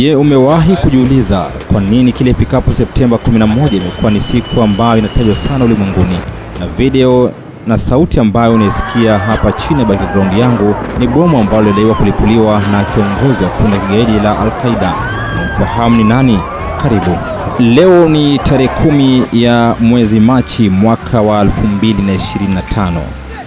Je, umewahi kujiuliza kwa nini kile ifikapo Septemba 11 imekuwa ni siku ambayo inatajwa sana ulimwenguni? Na video na sauti ambayo unaisikia hapa chini ya background yangu ni bomu ambalo liliwa kulipuliwa na kiongozi wa kundi la kigaidi la al qaeda Unamfahamu ni nani? Karibu. Leo ni tarehe kumi ya mwezi Machi mwaka wa 2025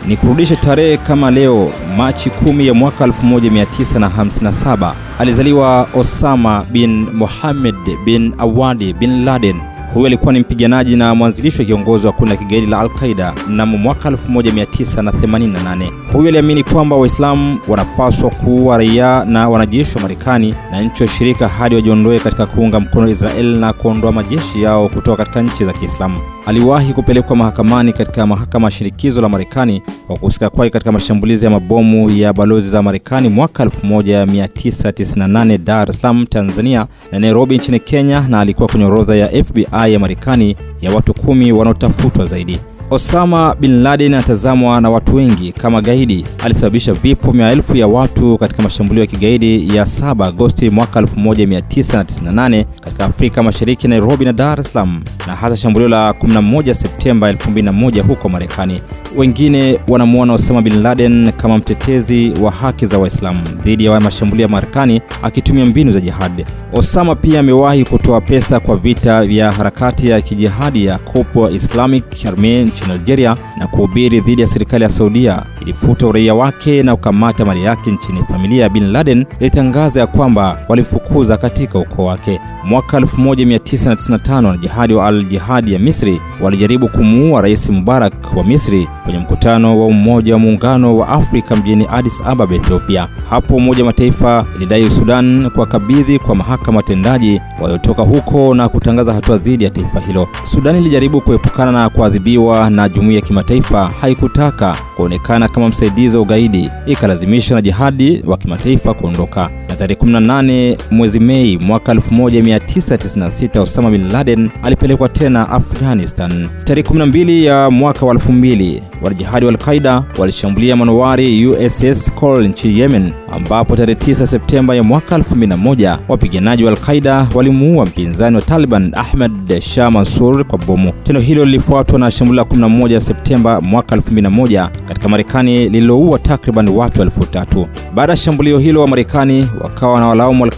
ni kurudisha tarehe kama leo, Machi kumi ya mwaka 1957 alizaliwa Osama bin mohamed bin Awadi bin Laden. Huyu alikuwa ni mpiganaji na mwanzilishi wa kiongozi wa kundi la kigaidi la Al-Qaida mnamo mwaka 1988. Huyu aliamini kwamba Waislamu wanapaswa kuua raia na wanajeshi wa Marekani na nchi washirika hadi wajiondoe katika kuunga mkono israel na kuondoa majeshi yao kutoka katika nchi za Kiislamu aliwahi kupelekwa mahakamani katika mahakama ya shirikisho la Marekani kwa kuhusika kwake katika mashambulizi ya mabomu ya balozi za Marekani mwaka 1998 Dar es Salaam, Tanzania na Nairobi nchini Kenya, na alikuwa kwenye orodha ya FBI ya Marekani ya watu kumi wanaotafutwa zaidi. Osama bin Laden anatazamwa na watu wengi kama gaidi. Alisababisha vifo maelfu ya watu katika mashambulio ya kigaidi ya 7 Agosti mwaka 1998 katika Afrika Mashariki, Nairobi na Dar es Salaam, na hasa shambulio la 11 Septemba 2001 huko Marekani. Wengine wanamwona Osama bin Laden kama mtetezi wa haki za Waislamu dhidi ya mashambulio ya Marekani akitumia mbinu za jihadi. Osama pia amewahi kutoa pesa kwa vita vya harakati ya kijihadi ya Kopo Islamic Army nchini Algeria na kuhubiri dhidi ya serikali ya Saudia, ilifuta uraia wake na kukamata mali yake nchini. Familia ya bin Laden ilitangaza ya kwamba walimfukuza katika ukoo wake. Mwaka 1995 wanajihadi wa Al Jihadi ya Misri walijaribu kumuua Rais Mubarak wa Misri kwenye mkutano wa Umoja wa Muungano wa Afrika mjini Addis Ababa, Ethiopia. Hapo Umoja wa Mataifa ilidai Sudan kabidhi kwa mahakama watendaji waliotoka huko na kutangaza hatua dhidi ya taifa hilo. Sudan ilijaribu kuepukana na kuadhibiwa na jumuiya ya kimataifa, haikutaka kuonekana kama msaidizi wa ugaidi, ikalazimisha na jihadi wa kimataifa kuondoka. Na tarehe 18 mwezi Mei mwaka 1996 Osama bin Laden alipelekwa tena Afghanistan. Tarehe 12 ya mwaka wa 2000 wanajihadi wa al walishambulia manowari USS Cole nchini Yemen, ambapo tarehe 9 Septemba ya mwaka 2001 wapiganaji wa al walimuua mpinzani wa Taliban Ahmed Shah Mansur kwa bomu. Tendo hilo lilifuatwa na shambulio la 11 Septemba mwaka 2001 katika Marekani lililoua takriban watu elfu tatu. Baada ya shambulio hilo, Wamarekani wakawa na walaumu al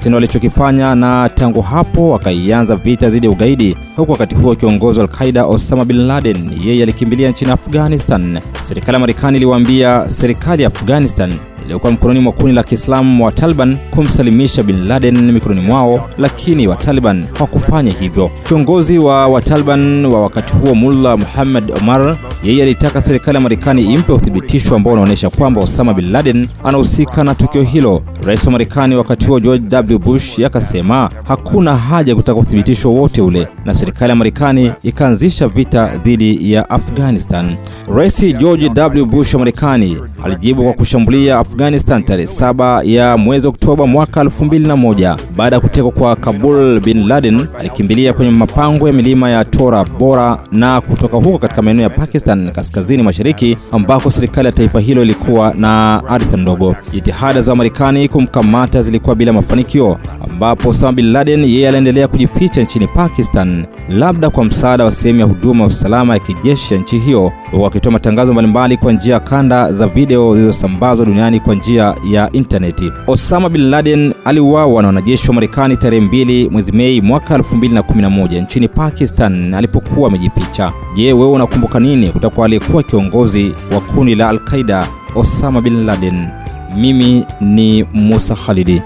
kitendo alichokifanya, na tangu hapo akaianza vita dhidi ya ugaidi, huku wakati huo kiongozi wa Al-Qaida Osama bin Laden yeye alikimbilia nchini Afghanistan. Serikali ya Marekani iliwaambia serikali ya Afghanistan iliyokuwa mkononi mwa kundi la Kiislamu wa Taliban kumsalimisha bin Laden mikononi mwao, lakini Wataliban hawakufanya hivyo. Kiongozi wa Wataliban wa wakati huo Mullah Muhammad Omar yeye alitaka serikali ya Marekani impe uthibitisho ambao unaonyesha kwamba Osama bin Laden anahusika na tukio hilo. Rais wa Marekani wakati huo George W. Bush yakasema hakuna haja ya kutaka uthibitisho wote ule, na serikali ya Marekani ikaanzisha vita dhidi ya Afghanistan. Rais George W. Bush wa Marekani alijibu kwa kushambulia Afghanistan tarehe saba ya mwezi Oktoba mwaka 2001. Baada ya kutekwa kwa Kabul, bin Laden alikimbilia kwenye mapango ya milima ya Tora Bora na kutoka huko katika maeneo ya Pakistan Pakistan kaskazini mashariki, ambako serikali ya taifa hilo ilikuwa na ardhi ndogo. Jitihada za Marekani kumkamata zilikuwa bila mafanikio, ambapo Osama bin Laden yeye aliendelea kujificha nchini Pakistan, labda kwa msaada wa sehemu ya huduma ya usalama ya kijeshi ya nchi hiyo, huku akitoa matangazo mbalimbali kwa njia ya kanda za video zilizosambazwa duniani kwa njia ya intaneti. Osama bin Laden aliuawa na wanajeshi wa Marekani tarehe mbili mwezi Mei mwaka 2011 nchini Pakistan alipokuwa amejificha. Je, wewe unakumbuka nini? kutoka kwa aliyekuwa kiongozi wa kundi la Al-Qaida Osama bin Laden. Mimi ni Musa Khalidi.